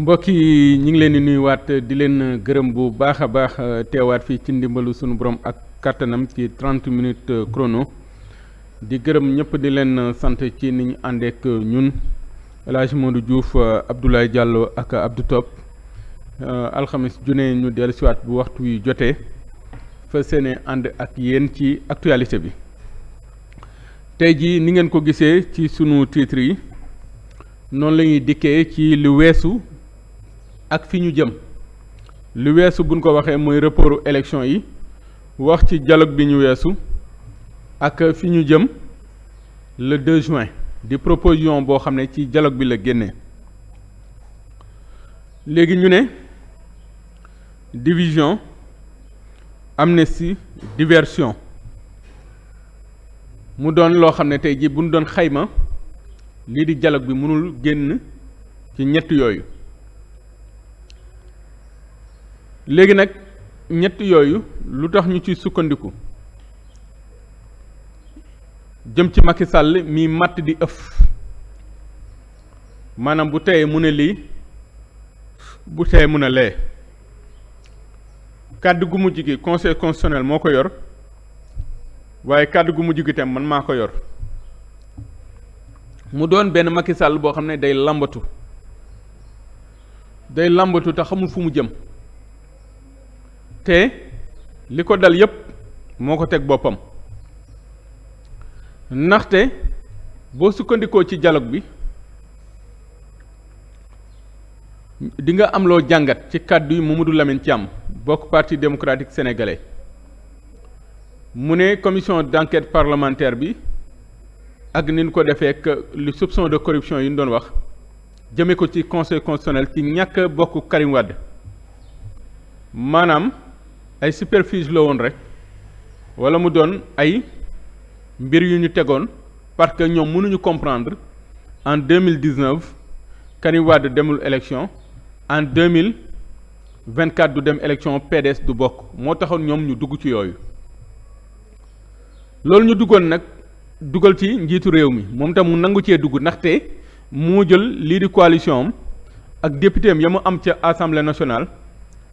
mbokk yi ñu ngi leen di nuyuwaat di leen gërëm bu baax a baax euh, teewaat fii ci ndimbalu sunu borom ak kattanam ci 30 minutes euh, chrono di gërëm ñëpp di leen euh, sant ci ni àndeek ñun El Hadj Modou Diouf Abdoulaye Diallo ak Abdou Top alxamis junne ñu dellusiwaat bu waxtu wi jotee fa seene ànd ak yéen ci actualité bi tey ji ni ngeen ko gisee ci sunu titre yi noonu la ñuy dikkee ci lu weesu. ak fi ñu jëm lu weesu buñ ko waxee mooy reportu élection yi wax ci dialogue bi ñu weesu ak fi ñu jëm le 2 juin di proposition boo xam ne ci dialogue bi la génnee léegi ñu ne division amnistie diversion mu doon loo xam ne tey jii bu ñu doon xayma lii di dialogue bi mënul génn ci ñett yooyu léegi nag ñett yooyu lu tax ñu ci sukkandiku jëm ci Macky Sall mi matt di ëf maanaam bu teye mu ne lii bu teye mu ne lee kàddu gu mujj gi conseil constitutionnel moo ko yor waaye kàdd gu mujj gi tam man maa ko yor mu doon benn Macky Sall boo xam ne day lambatu day lambatu te xamul fu mu jëm te li ko dal yépp moo ko teg boppam ndaxte boo sukkandikoo ci dialogue bi di nga am loo jàngat ci kàddu yi mu Mamadou Lamine Thiam bokk parti démocratique sénégalais mu ne commission d'enquête parlementaire bi ak ni ko defee li soupçon de corruption yi ñu doon wax jëme ko ci conseil constitutionnel ci ñàkk bokk Karim Wade maanaam ay superfice la woon rek wala mu doon ay mbir yu ñu tegoon parce que ñoom mënuñu comprendre en deux mille dix neuf Karim Wade demul élection en deux mille vingt quatre du dem élection PDS du bokk moo taxoon ñoom ñu dugg ci yooyu loolu ñu duggoon nag dugal ci njiitu réew mi moom tam mu nangu cee dugg ndaxte moo jël lii di coalition am ak député ya mu am ca assemblée nationale.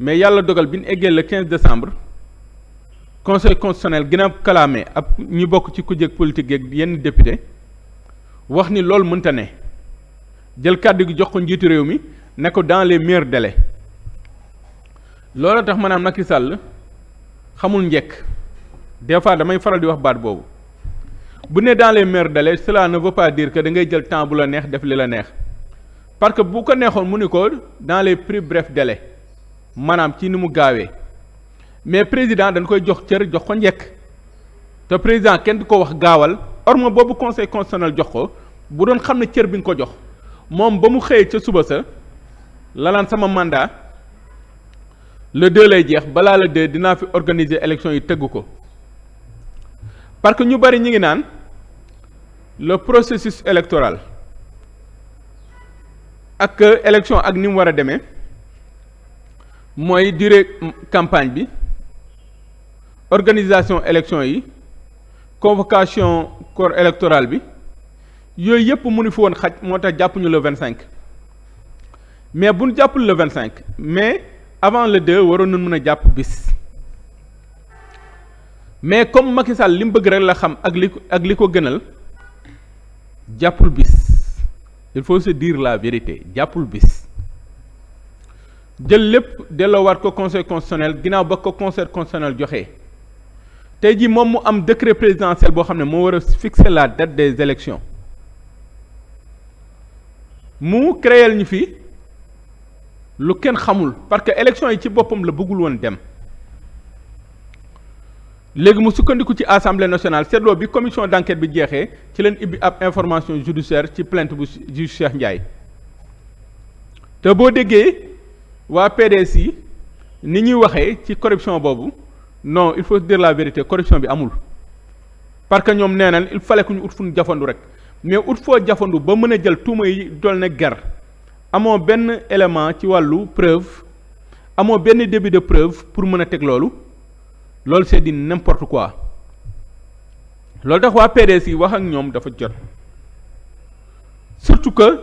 mais yàlla dogal bi ñu eggee la 15 décembre conseil constitutionnel gën a kalaame ab ñu bokk ci kujje politique yeeg yenn député wax ni loolu mënta ne jël kàddu gi jox ko njiitu réew mi ne ko dans les meilleurs délais loolu tax maanaam Macky sàll xamul njekk des fois damay faral di wax baat boobu bu ne dans les meilleurs délais cela ne veut pas dire que jël temps bu la neex def li la neex parce que bu ko neexoon mu ni ko dans les plus brefs délais. maanaam ci ni mu gaawee mais président dañ koy jox cër jox ko njëkk te président kenn du ko wax gaawal orma boobu conseil constitutionnel jox ko bu doon xam ne cër bi nga ko jox moom ba mu xëyee ca suba sa lalaan sama mandat le deux lay jeex balaa la deux dinaa fi organiser élection yi tegu ko parce que ñu bari ñu ngi naan le processus électoral ak élection ak ni mu war a demee mooy durée campagne bi organisation élection yi convocation corps électoral bi yooyu yëpp mënu fi woon xaj moo tax jàppuñu le vingt cinq mais bu ñu jàppul le vingt cinq mais avant le de waroon nañ mën a jàpp bis mais comme Macky Sall li bëgg rek la xam ak li ak li ko gënal jàppul bis il faut se dire la vérité jàppul bis jël lépp delloowaat ko conseil constitutionnel ginnaaw ba ko conseil constitutionnel joxe tey jii moom mu am décret présidentiel boo xam ne moo war a fixer la date des élections mu créel ñu fi lu kenn xamul parce que élection yi ci boppam la bëggul woon dem léegi mu sukkandiku ci assemblée national seetloo bi commission d'enquête bi jeexee ci leen ibbi ab information judiciaire ci plainte bu juge Cheikh Ndiaye te boo déggee. waa PDS yi ni ñuy waxee ci corruption boobu non il faut de la vérité corruption bi amul parce que ñoom nee nañ il fallait que ñu ut fu ñu jafandu rek mais ut foo jafandu ba mën a jël tuuma yi dool ne ger amoo benn élément ci wàllu preuve amoo benn début de preuve pour mën a teg loolu loolu c'est di n'importe quoi loolu tax waa PDS yi wax ak ñoom dafa jot surtout que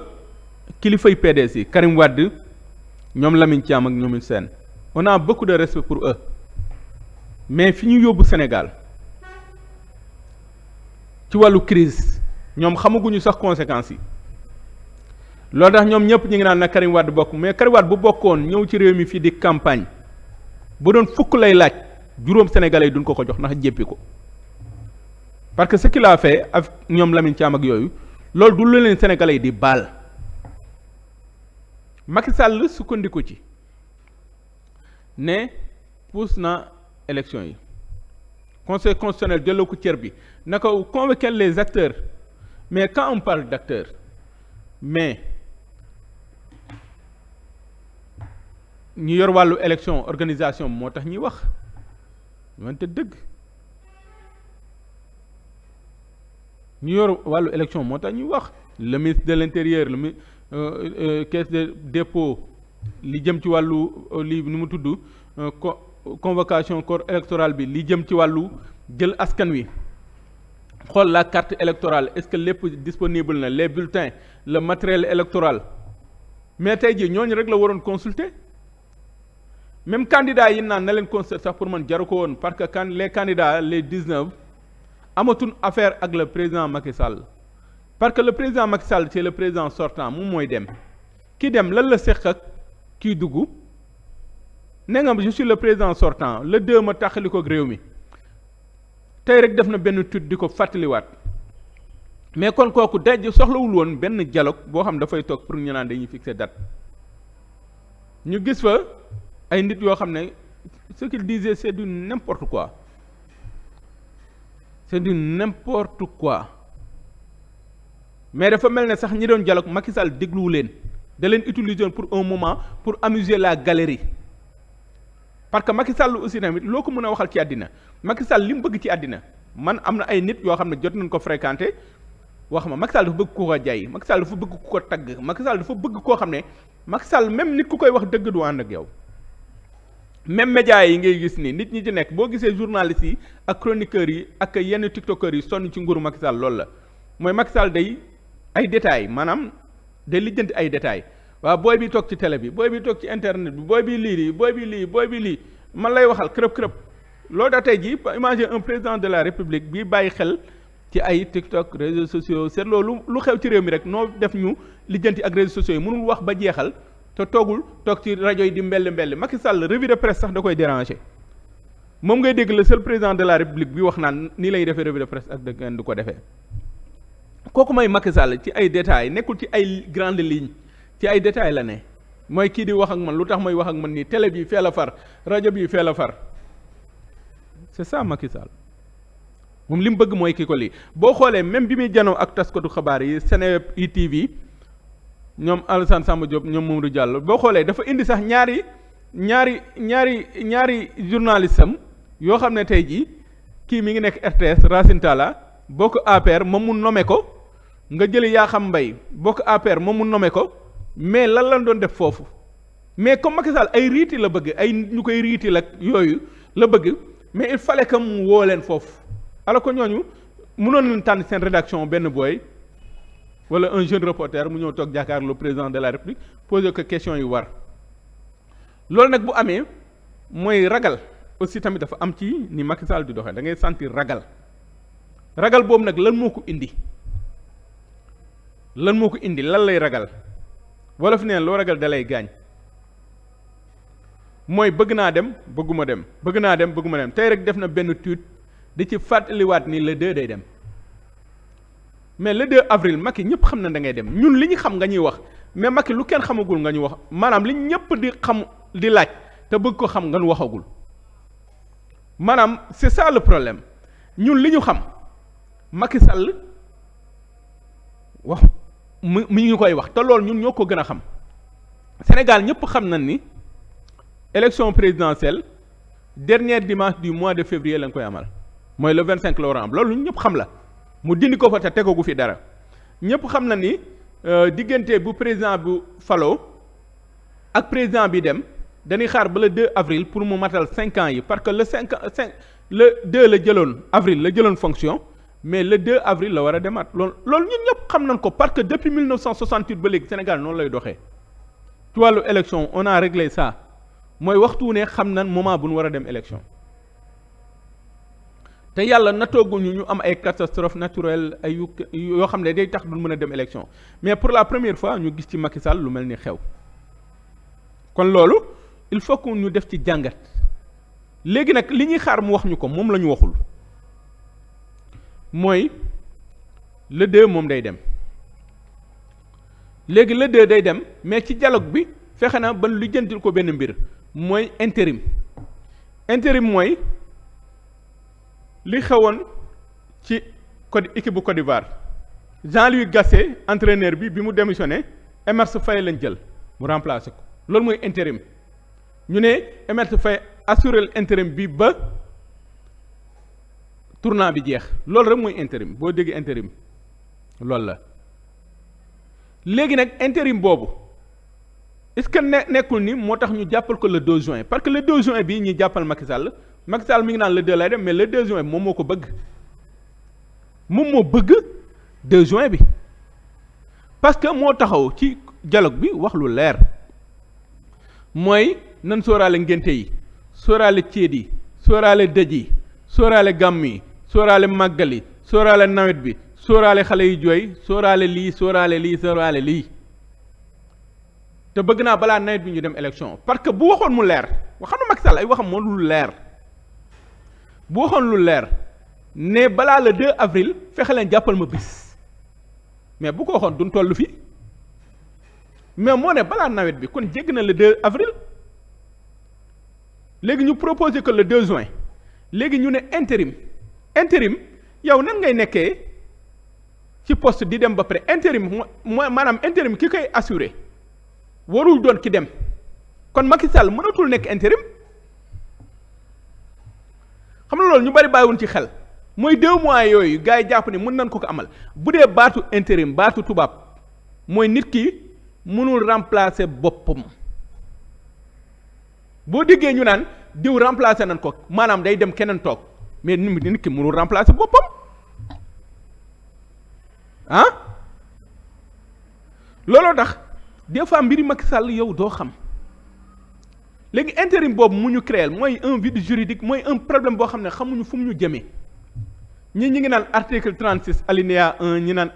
kilifay PDS yi Karim Wade ñoom Lamine Thiam ak ñoom seen on a beaucoup de respect pour eux mais fi ñu yóbbu senegal ci wàllu crise ñoom xamaguñu sax conséquences yi lool tax ñoom ñëpp ñu ngi naan na Karim Wade bokk mais Karim bu bokkoon ñëw ci réew mi fii di campagne bu doon fukk lay laaj juróom sénégalais yi duñ ko ko jox ndax jéppi ko parce que ce qu'il a fait ak ñoom Lamine Thiam ak yooyu loolu du lu leen sénégalais yi di baal. Macky Sall sukkandiku ci ne pousse na élection yi conseil constitutionnel jëloo ko cër bi na ko convoquer les acteurs mais quand on parle d'acteurs mais ñu yor wàllu élection organisation moo tax ñuy wax wante dëgg ñu yor wàllu élection moo tax ñuy wax le ministre de l'intérieur le Euh, euh, caisse de dépôt li jëm ci wàllu euh, lii nu mu tudd co convocation corps électoral bi li jëm ci wàllu jël askan wi xool la carte électorale est-ce que lépp disponible na les bulletin le matériel électoral mais tey jii ñooñu rek la waroon consulter même candidat yi naa na leen consulter sax pour man jaru ko woon parce que kan les candidats les dix-neuf amatul affaire ak le président Macky Sall. parce que le président Macky Sall c'est le président sortant moom mooy dem ki dem lan la seq ak kii dugg ne nga je suis le président sortant le deux a taxali ko réew mi tey rek def na benn tut di ko fàttaliwaat mais kon kooku daj soxlawul woon benn dialogue boo xam ne dafay toog pour ñu naan dañuy fixer date ñu gis fa ay nit yoo xam ne ce qu'il disait c'est du n'importe quoi c'est du n'importe quoi mais dafa mel ne sax ñi doon dialogue Macky Sall dégluwu leen da leen utiliser pour un moment pour amuser la galerie parce que Macky Sall aussi tamit loo ko mën a waxal ci àddina Macky Sall li mu bëgg ci àddina man am na ay nit yoo xam ne jot nañ ko fréquenté wax ma Macky Sall dafa bëgg ku ko jaay Macky Sall dafa bëgg ku ko tagg Macky Sall dafa bëgg koo xam ne Macky Sall même nit ku koy wax dëgg du ànd ak yow même médias yi ngay gis ni nit ñi ci nekk boo gisee journalistes yi ak chroniqueurs yi ak yenn tiktokeurs yi sonn ci nguuru Macky Sall loolu la mooy Macky Sall day ay détails maanaam day lijjanti ay détails waaw booy bi toog ci télé bi booy bi toog ci internet bi booy bi lii booy bi lii booy bi lii man lay waxal kërëb kërëb loolu daa tey jii imagine un président de la république bi bàyyi xel ci ay TikTok réseaux sociaux seet loolu lu xew ci réew mi rek noo def ñu lijjanti ak réseaux sociaux yi mënul wax ba jeexal te toogul toog ci rajo yi di mbell mbell Macky Sall revue de presse sax da koy déranger moom ngay dégg le seul président de la république bi wax naan nii lay defee revue de presse ak da ngeen ko defee kooku may Macky ci ay détails nekkul ci ay grande ligne ci ay détails la ne mooy kii di wax ak man lu tax mooy wax ak man nii télé bi fee a far rajo bi fee a far c'est ça Macky moom li mu bëgg mooy ki ko lii boo xoolee même bi muy janoo ak taskatu xabaar yi Seneweb ITV ñoom Alassane Samba Diop ñoom Mamadou Diallo boo xoolee dafa indi sax ñaari ñaari ñaari ñaari journaliste yoo xam ne tey jii kii mi ngi nekk RTS Racine Talla bokk APR moom mu nome ko nga jële yaa xam mbay bokk APR moom mu nome ko mais lan lan doon def foofu mais comme Macky Sall ay riiti la bëgg ay ñu koy riiti la yooyu la bëgg mais il fallait que woo leen foofu alors que ñooñu mënoon leen tànn seen rédaction benn booy wala un jeune reporter mu ñëw toog jàkkaarloo président de la république poser ko question yu war loolu nag bu amee mooy ragal aussi tamit dafa am ci ni Macky Sall di doxee da ngay sentir ragal ragal boobu nag lan moo ko indi. lan moo ko indi lan lay ragal wolof nee loo ragal dalay gaañ mooy bëgg naa dem bëgguma dem bëgg naa dem bëgg bëgguma dem tey rek def na benn tuit di ci fàttaliwaat ni le 2 day dem mais le 2 avril Macky ñëpp xam na da ngay dem ñun li ñu xam nga ñuy wax mais Macky lu kenn xamagul nga ñu wax maanaam li ñëpp di xam di laaj te bëgg ko xam nga ñu waxagul maanaam c'est ça problème ñun li ñu xam Macky Sall wax mu mu ngi koy wax te loolu ñun ñoo ko gën a xam Sénégal ñëpp xam na ni élection présidentielle dernier dimanche du mois de février lañ koy amal mooy vingt cinq la war a am loolu ñëpp xam la mu dindi ko fa te tegagu fi dara ñëpp xam na ni euh, diggante bu président bu falo ak président bi dem dañuy xaar ba le 2 avril pour mu matal 5 ans yi parce que le cinq 5 le 2 la jëloon avril la jëloon fonction. mais le 2 avril la war a demaat loolu loolu ñun ñëpp xam nañ ko parce que depuis 1968 ba léegi Sénégal noonu lay doxee ci wàllu élection on a réglé ça mooy waxtu ne xam nañ moment bu ñu war a dem élection te yàlla natooguñu ñu am ay catastrophe naturelle ay yoo xam ne day tax duñ mën a dem élection mais pour la première fois ñu gis ci Macky lu mel ni xew kon loolu il faut que ñu def ci jàngat léegi nag li ñuy xaar mu wax ñu ko moom la ñu waxul. mooy le deux moom day dem léegi le deux day dem mais ci dialogue bi fexe na ban lu jëntil ko benn mbir mooy intérim intérim mooy li xewoon ci code équipe bu Côte d'Ivoire Jean-Louis Gasset entraîneur bi bi mu démissionné Emerse Faé lañ jël mu remplacé ko loolu mooy intérim ñu ne Emerse Faé assuré intérim bi ba. tournant bi jeex loolu rek mooy intérim boo déggee intérim loolu la léegi nag intérim boobu est-ce que ne nekkul ni moo tax ñu jàppal ko le 2 juin parce que le 2 juin bi ñuy jàppal Macky Sall Macky ngi naan le 2 lay dem mais le 2 juin bi moom moo ko bëgg moom moo bëgg 2 juin bi parce que moo taxaw ci dialogue bi wax lu leer mooy nan sóoraale ngénte yi sóoraale céet yi sóoraale dëj yi sóoraale gàmm yi sóoraale màggal yi sóoraale nawet bi sóoraale xale yi jooy sóoraale lii sóoraale lii sóoraale lii te bëgg naa balaa nawet bi ñu dem élection parce que bu waxoon mu leer waxanu Macky Sall ay waxam moom lu leer bu waxoon lu leer ne balaa le 2 avril fexe jàppal ma bis mais bu ko waxoon duñ toll fii mais moo ne balaa nawet bi kon jégg na la 2 avril léegi ñu proposé que le 2 juin léegi ñu ne intérim intérim yow nan ngay nekkee ci poste di dem ba pare intérim mooy maanaam intérim ki koy assuré warul doon ki dem kon Macky Sall mënatul nekk intérim xam na loolu ñu bari bàyyiwun ci xel mooy déw mois yooyu gars yi jàpp ne mën nañ ko ko amal bu dee baatu intérim baatu tubaab mooy nit ki mënul remplacer boppam boo déggee ñu naan diw remplacer nañ ko maanaam day dem keneen toog mais nit nit ki mënul remplacer boppam ah looloo tax des fois mbiri Macky sàll yow doo xam léegi intérim boobu mu ñu créel mooy un vide juridique mooy un problème boo xam ne xamuñu fu mu ñu jëmee ñi ñi ngi naan article 36 alinéa 1 ñi naan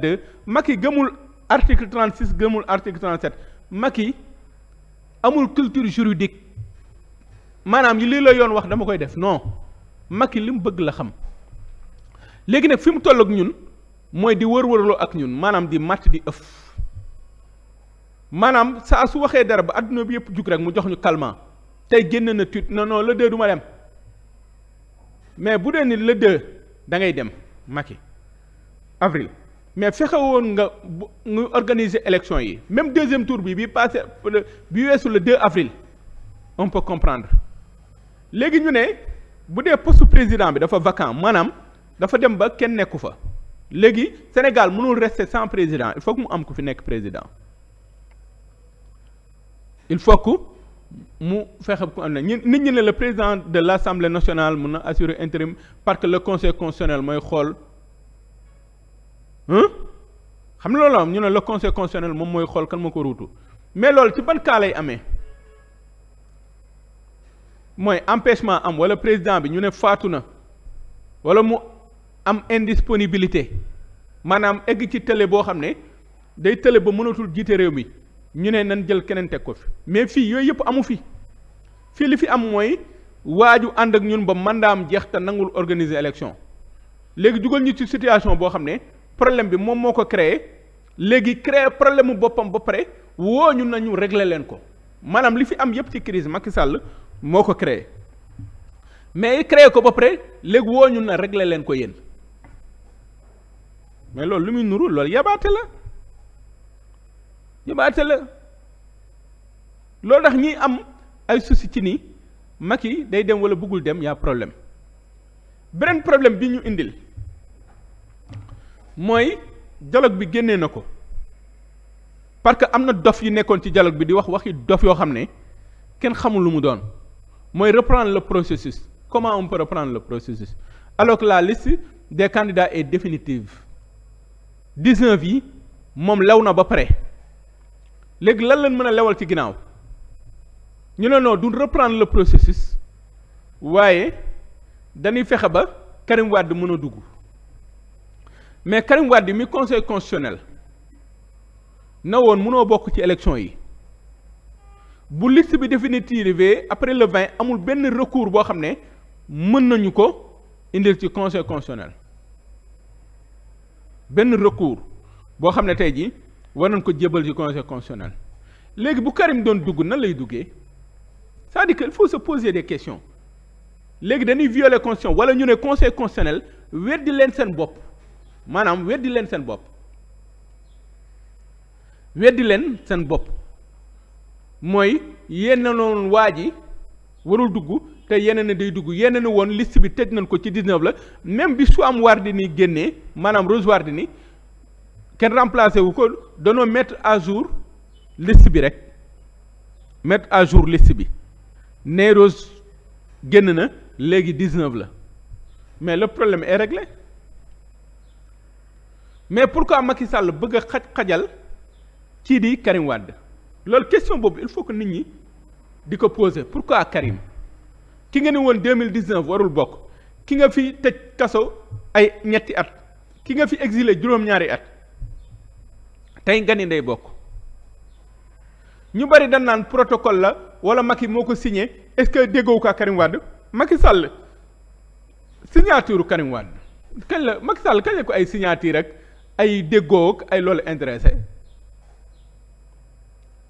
de 2 yi gëmul article 36 gëmul article 37 yi amul culture juridique maanaam yi lii la yoon wax dama koy def non Macky li mu bëgg la xam léegi nag fi mu toll ak ñun mooy di wër-wërloo ak ñun maanaam di màtt di ëf maanaam saa su waxee dara ba àdduna bi yëpp jug rek mu jox ñu calmant tey génn na tuut na non le deux du dem mais bu dee ni le deux da ngay dem Macky avril mais fexe woon nga nga organiser élection yi même deuxième tour bi bi passé bi weesu le 2 avril on peut comprendre léegi ñu ne. bu dee post président bi dafa vacant maanaam dafa dem ba kenn nekku fa léegi Sénégal mënul rester sans président il faut que mu am ku fi nekk président il faut que mu fexe ku am na nit ñi ne le président de l' assemblée nationale mun na assurer intérim parce que le conseil constitutionnel mooy xool xam nga loolu am ñu ne la conseil constitutionnel moom mooy xool kan moo ko ruutu mais loolu ci ban kaa lay amee. mooy empêchement am wala président bi ñu ne faatu na wala mu am indisponibilité maanaam egg ci tële boo xam ne day tële ba mënatul jiite réew mi ñu ne nan jël keneen teg ko fi mais fii yooyu yëpp amu fi fii li fi am mooy waaju ànd ak ñun ba mandaam jeex te nangul organiser élection léegi jógal ñu ci situation boo xam ne problème bi moom moo ko créé léegi créé problème mu boppam ba pare woo ñu nañu régler leen ko maanaam li fi am yëpp ci crise Macky Sall moo ko créer mais créé ko ba pare léegi woo ñu na réglé leen ko yéen mais loolu lu muy nuru loolu yabaate la yabaate la loolu tax ñiy am ay souci ci nii mag yi day dem wala bëggul dem yaa problème beneen problème bi ñu indil mooy dialogue bi génnee na ko parce que am na dof yu nekkoon ci dialogue bi di wax waxi dof yoo xam ne kenn xamul lu mu doon mooy reprendre le processus comment on peut reprendre le processus alors que la liste des candidats est définitive dix-neuf yi moom lew na ba pare léegi lan lañ mën a lewal ci ginnaaw ñu ne non du reprendre le processus waaye dañuy fexe ba Karim Wade mën a dugg mais Karim Wade mi conseil constitutionnel na woon mënoo bokk ci élection yi bu liste bi définitive après le 20 amul benn recours boo xam ne mën nañu ko indil ci conseil constitutionnel benn recours boo xam ne tey jii war nañ ko jébal ci conseil constitutionnel léegi bu Karim doon dugg nan lay duggee c'est-à-dire que il faut se poser des questions léegi dañuy violer constitution wala ñu ne conseil constitutionnel weddi leen seen bopp maanaam weddi leen seen bopp weddi leen seen bopp. mooy yéen na noonu waa ji warul dugg te yeneen na day dugg yeneen na woon liste bi tëj nañ ko ci 19 la même bi su am Wardini génnee maanaam Rose Wardini kenn remplacé wu ko danoo mettre à jour liste bi rek mettre à jour liste bi ne Rose génn na léegi 19 la mais le problème est réglé mais pour pourquoi Macky Sall bëgg a xaj xajal kii di Karim Wade loolu question boobu il faut que nit ñi di ko poser pourquoi Karim ki nga ne woon deux mille dix neuf warul bokk ki nga fi tëj kaso ay ñetti at ki nga fi exile juróom-ñaari at tey nga ni day bokk ñu bari dañ naan protocole la wala yi moo ko signé est-ce que déggoo ko ak Karim Wade Macky Sall signature Karim Wade kañ la Macky Sall kañ la ko ay signature ak ay déggoo ak ay loolu intéressé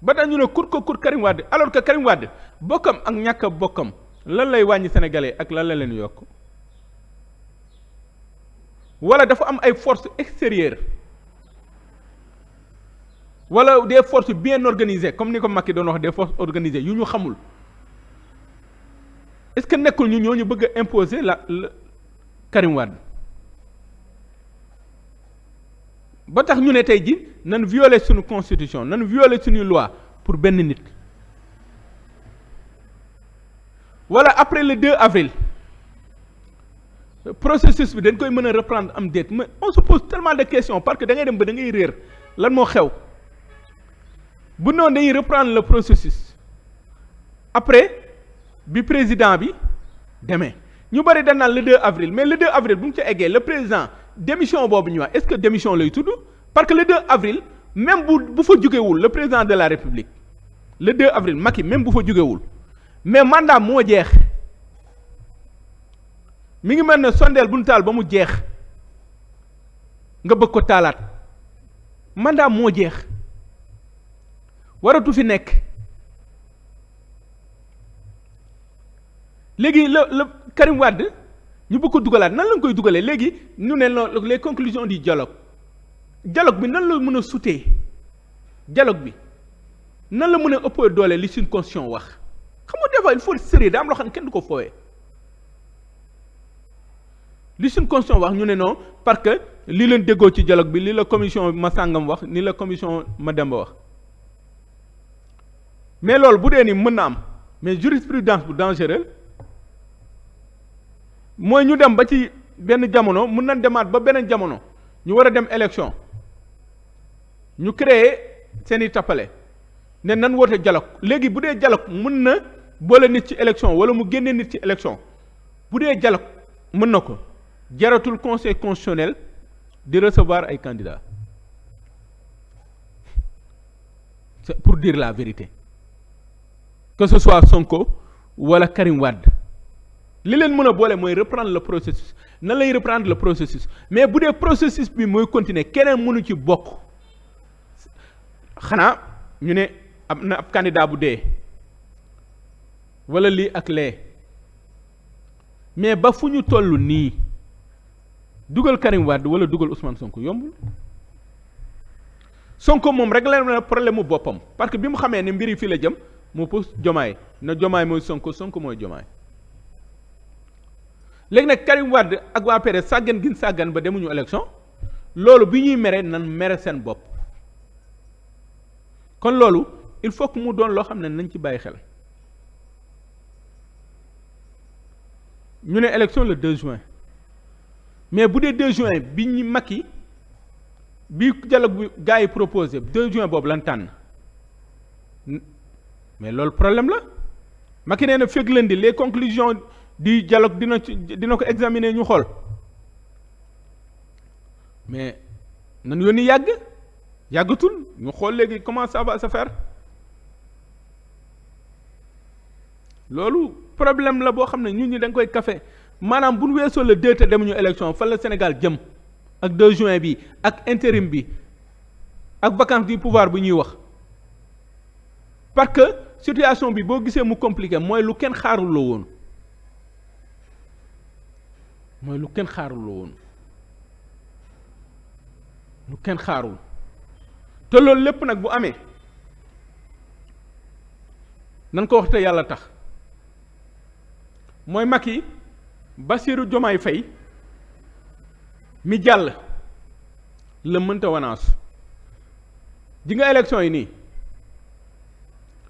ba dañu ne kut ko kut Karim Wade alors que Karim Wade bokkam ak ñàkk a bokkam lan lay wàññi sénégalais ak lan la leen yokk wala dafa am ay force extérieures wala des forces bien organisées comme ni ko Macky doon wax des forces organisées yu ñu xamul est-ce que nekkul ñu ñoo ñu bëgg a la Karim ba tax ñu ne tey ji nan violer suñu constitution nan violet suñu loi pour benn nit wala après le 2 avril le bi dañ koy mën a reprendre am déet ma on se pose tellement de questions parce que da dem ba da réer lan moo xew bu noonu dañuy reprendre le processus après bi président bi demee ñu bëri dañ naan le 2 avril mais le 2 avril bu mu ci eggee le président démission boobu ñu wax est-ce que démission lay tudd parce que le 2 avril même bu bu fa jógewul la président de la république le 2 avril yi même bu fa jógewul mais mandat moo jeex mi ngi mën na sondeel bu ñu taal ba mu jeex nga bëgg ko taalaat mandat moo jeex waratu fi nekk léegi la la Karim ñu bëgg ko dugalaat nan lañu koy dugalee léegi ñu ne loolu les conclusions du dialogue jaloog bi nan la mën a sutee dialogue bi nan la mën a ëppee doole li suñ constitution wax xam nga des fois il faut daa am loo xam ne kenn du ko foowee li suñ constitution wax ñu ne non parce que li leen déggoo ci dialogue bi li la commission ma sàngam wax ni la commission ma dem ba wax mais loolu bu dee ni mën na am mais jurisprudence bu dangereux mooy ñu dem ba ci benn jamono mun nañ demaat ba beneen jamono ñu war a dem élection ñu créer seen i tappale ne nan woote dialogue léegi bu dee dialogue mën na boole nit ci élection wala mu génne nit ci élection bu dee dialogue mën na ko jaratul conseil constitutionnel di recevoir ay candidats c'est pour dire la vérité que ce soit Sonko wala Karim Wade li leen mën a boole mooy reprendre la processus na lay reprendre la processus mais bu dee processus bi mooy continuer keneen mënu ci bokk xanaa ñu ne am na ab candidat bu dee wala lii ak lee mais ba fu ñu toll nii dugal Karim Wade wala dugal Ousmane sonk yombul Sonko moom rek la na problème mu boppam parce que bi mu xamee ne mbir yi fii la jëm mu pousse Jomaay na Jomaay mooy sonk sonk mooy Jomaay. léegi nag Karim Wade ak waa PDS sàggan gin sàggan ba demuñu élection loolu bi ñuy mere nan mere seen bopp kon loolu il faut que mu doon loo xam ne nañ ci bàyyi xel ñu ne élection le juin mais bu dee 2 juin bi ñu Macky bi dialogue bi gars yi proposé 2 juin boobu lan tànn mais loolu problème la Macky nee na fekk lundi les conclusions di jaloo dina ci dina ko examiner ñu xool mais nan yónni yàgg yàggatul ñu xool léegi comment ça va loolu problème la boo xam ne ñun ñi dañ koy kafe maanaam bu ñu weesoo le deux te dem ñu fan la Sénégal jëm ak 2 juin bi ak intérim bi ak vacance du pouvoir bu ñuy wax parce que situation bi boo gisee mu compliqué mooy lu kenn xaaruloo woon. mooy lu kenn xaarul lu kenn xaarul te loolu lépp nag bu amee nan ko wax te yàlla tax mooy Macky Bassirou Diomaye Faye mi jàll la mënta wanaas ji nga élection yi nii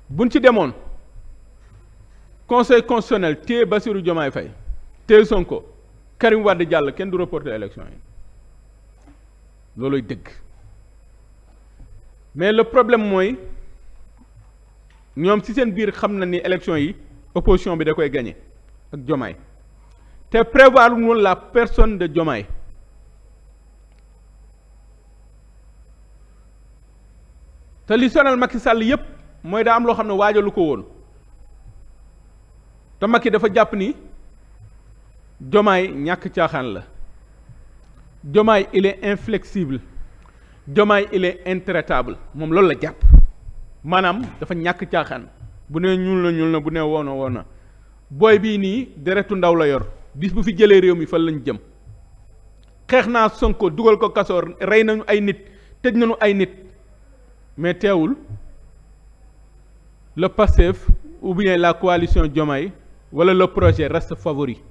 buñ ci demoon conseil constitutionnel téye Bassirou fay Faye son ko Karim Wade jàll kenn du reporter élection yi looluy dëgg mais le problème mooy ñoom ci seen biir xam na ni élection yi opposition bi da koy gagné ak Diomaye te prévoir woon la personne de Diomaye te li sonal Macky sàll yépp mooy daa am loo xam ne waajalu ko woon te Macky dafa jàpp ni jomaay ñàkk caaxaan la jomaay il est inflexible jomaay il intraitable moom loolu la jàpp maanaam dafa ñàkk caaxaan bu nee ñuul na ñuul na bu nee woo na na booy bii nii deretu ndaw la yor bis bu fi jëlee réew mi fan lañ jëm xeex naa Sonko dugal ko kasoor rey nañu ay nit tëj nañu ay nit mais teewul le Pastef ou bien la coalition Diomaye wala le projet reste favori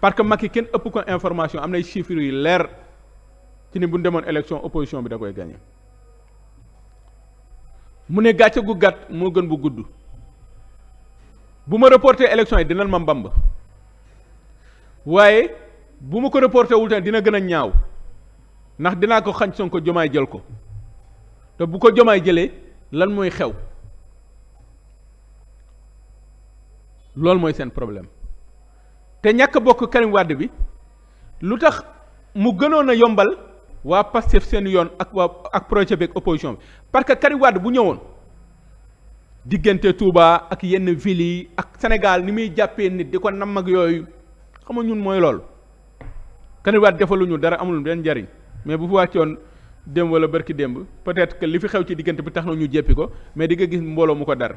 parce que mag yi kenn ëpp ko information am nay chiffres yu leer ci ni bu ñu demoon élection opposition bi da koy gagné mu ne gàcce gu gàtt moo gën bu gudd bu ma reporté élection yi dinañ ma mbamb waaye bu ma ko reporté wul tamit dina gën a ñaaw ndax dinaa ko xañ ko jomaay jël ko te bu ko jomaay jëlee lan mooy xew loolu mooy seen problème. te ñàkk bokk Karim Wade bi lu tax mu gënoon a yombal waa Pastef seen yoon ak waa ak projet bi ak opposition bi parce que Karim bu ñëwoon diggante tuuba ak yenn ville yi ak Sénégal ni muy jàppee nit di ko nam ak yooyu xam nga ñun mooy loolu Karim Wade defaluñu dara amul benn njariñ mais bu fi wàccoon démb wala barki démb peut-être que li fi xew ci diggante bi tax na ñu jéppi ko mais di nga gis mbooloo mu ko dara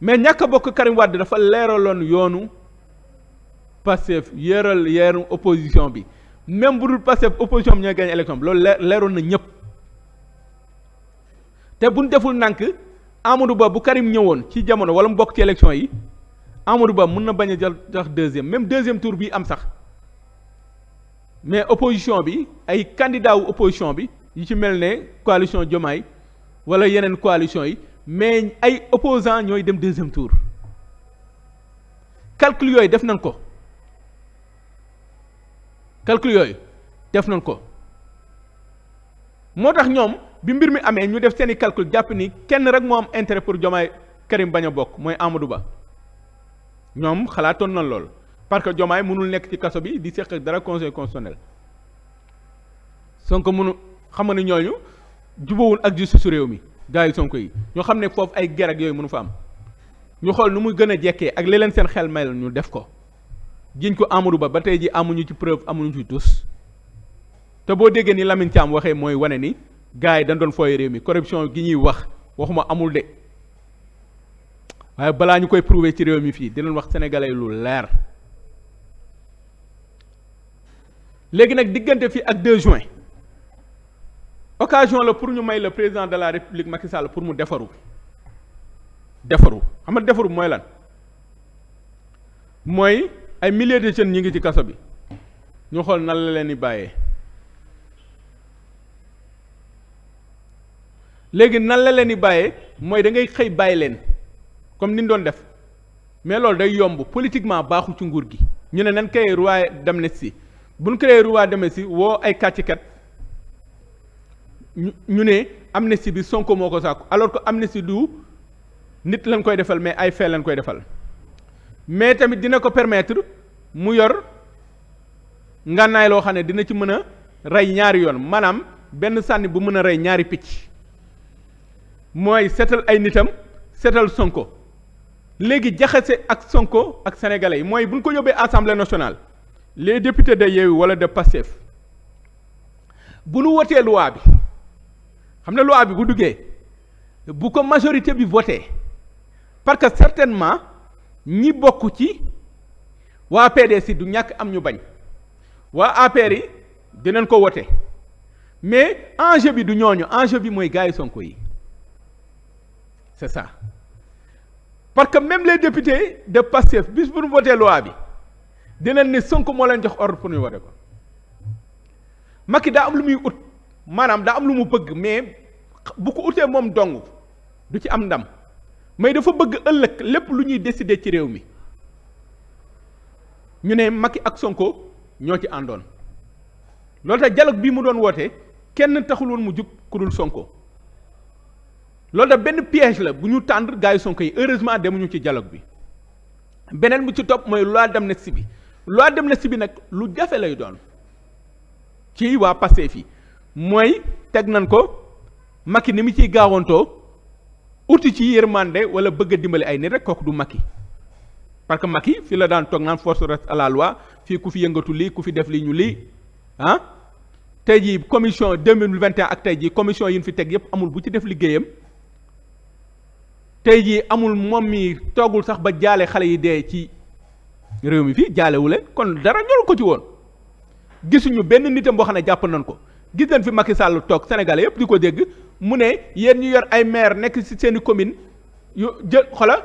mais ñàkk bokk Karim Wade dafa leeraloon yoonu. Pastef yéeral yeeru opposition bi même budul dul Pastef opposition bi ñooy gagné élection bi loolu leeroon na ñëpp te buñ deful nànk Amadou Ba bu Karim ñëwoon ci jamono wala mu bokk ci élection yi Amadou Ba mun na bañ a jël sax deuxième même deuxième tour bi am sax mais opposition bi ay candidat wu opposition bi yi ci mel ne coalition Diomaye wala yeneen coalition yi mais ay opposant ñooy dem deuxième tour calcul yooyu def nañ ko calcul yooyu def nañ ko moo tax ñoom bi mbir mi amee ñu def seen i calcul jàpp ni kenn rek moo am intérêt pour Jomaay Karim bañ a bokk mooy Amadou Ba ñoom xalaatoon na lool parce que Jomaay mënul nekk ci kaso bi di seq dara conseil constitutionnel Sonko mënu xam nga ni ñooñu jubawul ak su réew mi gars yi Sonko yi ñoo xam ne foofu ay ger ak yooyu mënu fa am ñu xool nu mu gën a jekkee ak li leen seen xel may la def ko. jiñ ko Amadou Ba ba tey ji amuñu ci preuve amuñu ci tus te boo déggee ni Lamine Thiam waxee mooy wane ni gars yi dañ doon fooy réew mi corruption gi ñuy wax waxuma amul de waaye balaa ñu koy prouver ci réew mi fii dinañ wax sénégalais lu leer léegi nag diggante fii ak 2 juin occasion la pour ñu may la président de la république Macky Sall pour mu defaru defaru xam defaru mooy lan mooy. ay millier de jeunes ñi ngi ci kaso bi ñu xool nan la leen di bàyyee léegi nan la leen di bàyyee mooy dangay xëy bàyyi leen comme ni doon def mais loolu day yomb politiquement baaxul ci nguur gi ñu ne nan créé loi d'amnistie bu ñu créé loi d'amnistie woo ay kàccikat ñu ñu ne amnistie bi Sonko moo ko sàkku alors que amnistie du nit lañ koy defal mais ay fee lañ koy defal. mais tamit dina ko permettre mu yor ngànnaay loo xam ne dina ci mën a rey ñaari yoon maanaam benn sànni bu mën a rey ñaari picc mooy seetal ay nitam setal Sonko léegi jaxase ak Sonko ak sénégalais yi mooy bu ñu ko yóbbee assemblée nationale les députés de Yewwi wala de Pastef bu nu wotee luwaa bi xam ne loi bi bu duggee bu ko majorité bi voté parce que certainement. ñi bokk ci waa PDS du ñàkk am ñu bañ waa APR yi dinañ ko wote mais enjeu bi du ñooñu enjeu bi mooy gars yi Sonko yi c'est ça parce que même les députés de Pastef bis bu ñu voté loi bi dinañ ne Sonko moo leen jox ordre pour ñu wote ko Macky daa am lu muy ut maanaam daa am lu mu bëgg mais bu ko utee moom dong du ci am ndam. mais dafa bëgg ëllëg lépp lu ñuy décider ci réew mi ñu ne Macky ak Sonko ñoo ci àndoon loolu tax dialogue bii mu doon woote kenn taxul woon mu jug ku dul Sonko lool tax benn piège la bu ñu tànd gaayu Sonko yi heureusement demuñu ci dialogue bi beneen bu ci topp mooy laa dem loi d'amnistie bi loi d'amnistie bi nag lu jafe lay doon ci waa Pastef yi mooy teg nañ ko Macky ni mu ciy gaawantoo uti ci yërmande wala bëgg dimbali ay nit rek kooku du yi parce que mag yi fi la daan toog naan force reste à la fii ku fi yëngatu lii ku fi def lii ñu lii ah tey jii commission 2021 ak tey jii commission yi ñu fi teg yépp amul bu ci def liggéeyam tey jii amul moom mi toogul sax ba jaale xale yi dee ci réew mi fii jaalewu leen kon dara ñorul ko ci woon gisuñu benn nitam boo xam ne jàpp nañ ko gis nañ fi Macky Sall toog Sénégalais yëpp di ko dégg mu ne yéen ñu yor ay maire nekk ci seen i commune yu jël xola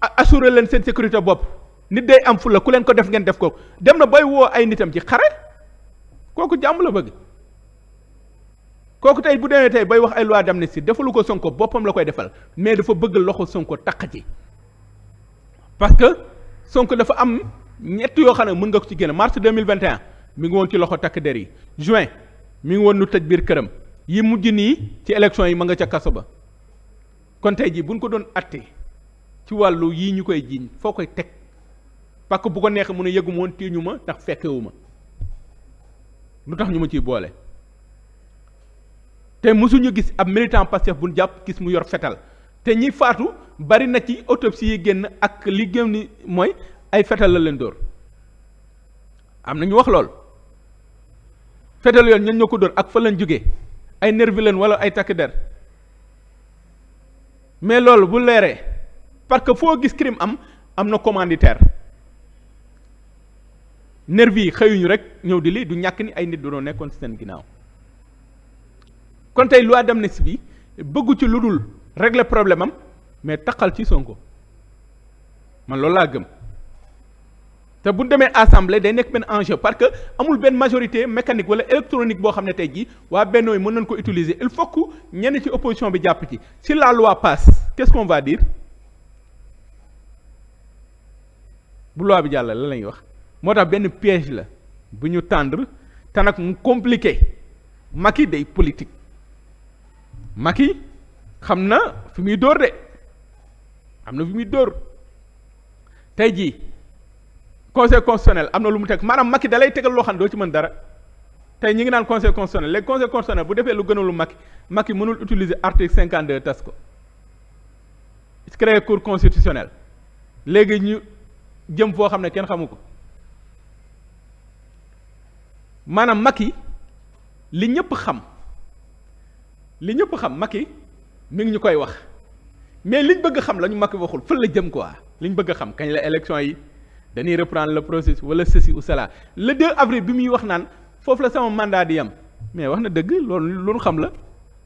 assurer leen seen sécurité bopp nit day am fulla ku leen ko def ngeen def ko dem na bay woo ay nitam ci xare kooku jàmm la bëgg kooku tey bu demee tey bay wax ay loi d'amnistie defalu ko Sonko boppam la koy defal mais dafa bëgg loxo Sonko taq ci parce que Sonko dafa am ñett yoo xam ne mun nga ko ci génne mars 2021 mi ngi woon ci loxo takk der yi juin mi ngi woon nu tëj biir këram yi mujj nii ci élection yi ma nga ca kaso ba kon tey jii buñ ko doon atte ci wàllu yii ñu koy jiiñ foo koy teg parce que bu ko neex mu ne yëguma woon tiiñu ma ndax fekkewu ma lu tax ñu ma ciy boole te mosuñu gis ab militant Pastef buñ jàpp gis mu yor fetal te ñi faatu bari na ci autopsie yi génn ak li gëm mooy ay fetal la leen dóor am na ñu wax lool fetal yoon ñan ñoo ko dóor ak fa lañ jógee ay nervi leen wala ay takk der mais loolu bu leeree parce que foo gis crime am am na commanditaire nervi yi xëyuñu rek ñëw di lii du ñàkk ni ay nit doonoo nekkoon ci seen ginnaaw kon tey lu loi d'amnistie bi bëggu ci lu dul regle problème am mais taxal ci Sonko man loolu laa gëm te bu demee assemblée day nekk benn enjeu parce que amul benn majorité mécanique wala électronique boo xam ne tey jii waa Benno yi mën nañ ko utiliser il faut que ñenn ci opposition bi jàpp ci si la loi passe que ce qu'on va dire bu loi bi jàll la lañuy wax moo tax benn piège la bu ñu tendre te nag mu compliqué Macky day politique Macky xam na fi muy dóor de am na fi muy dóor tey jii. conseil constitutionnel am na lu mu teg maanaam Macky da lay tegal loo xam doo ci mën dara tey ñi ngi naan conseil constitutionnel léegi conseil constitutionnel bu defee lu gën a lu Macky Macky mënul utiliser article cinquante deux tas ko créer léegi ñu jëm foo xam ne kenn xamu ko maanaam Macky li ñëpp xam li ñëpp xam Macky mi ngi ñu koy wax mais liñ bëgg xam lañu ñu waxul fël la jëm ko li ñu bëgg xam kañ la élection yi. dañuy reprendre le processus wala ceci ou cela le 2 avril bi muy wax naan foofu la sama mandat di yem mais wax na dëgg loolu loolu xam la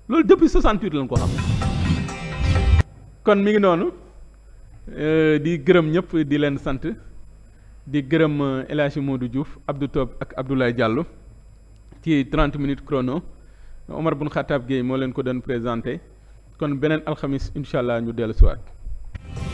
loolu depuis 68 lañ ko xam kon mi ngi noonu euh, di gërëm ñëpp di leen sant di gërëm euh, El Hadji Modou Diouf Abdou Top ak Abdoulaye Diallo ci 30 minutes crono Omar Bun Khattab Gueye moo leen ko doon présenté kon beneen alxamis incha allah ñu dellu siwaat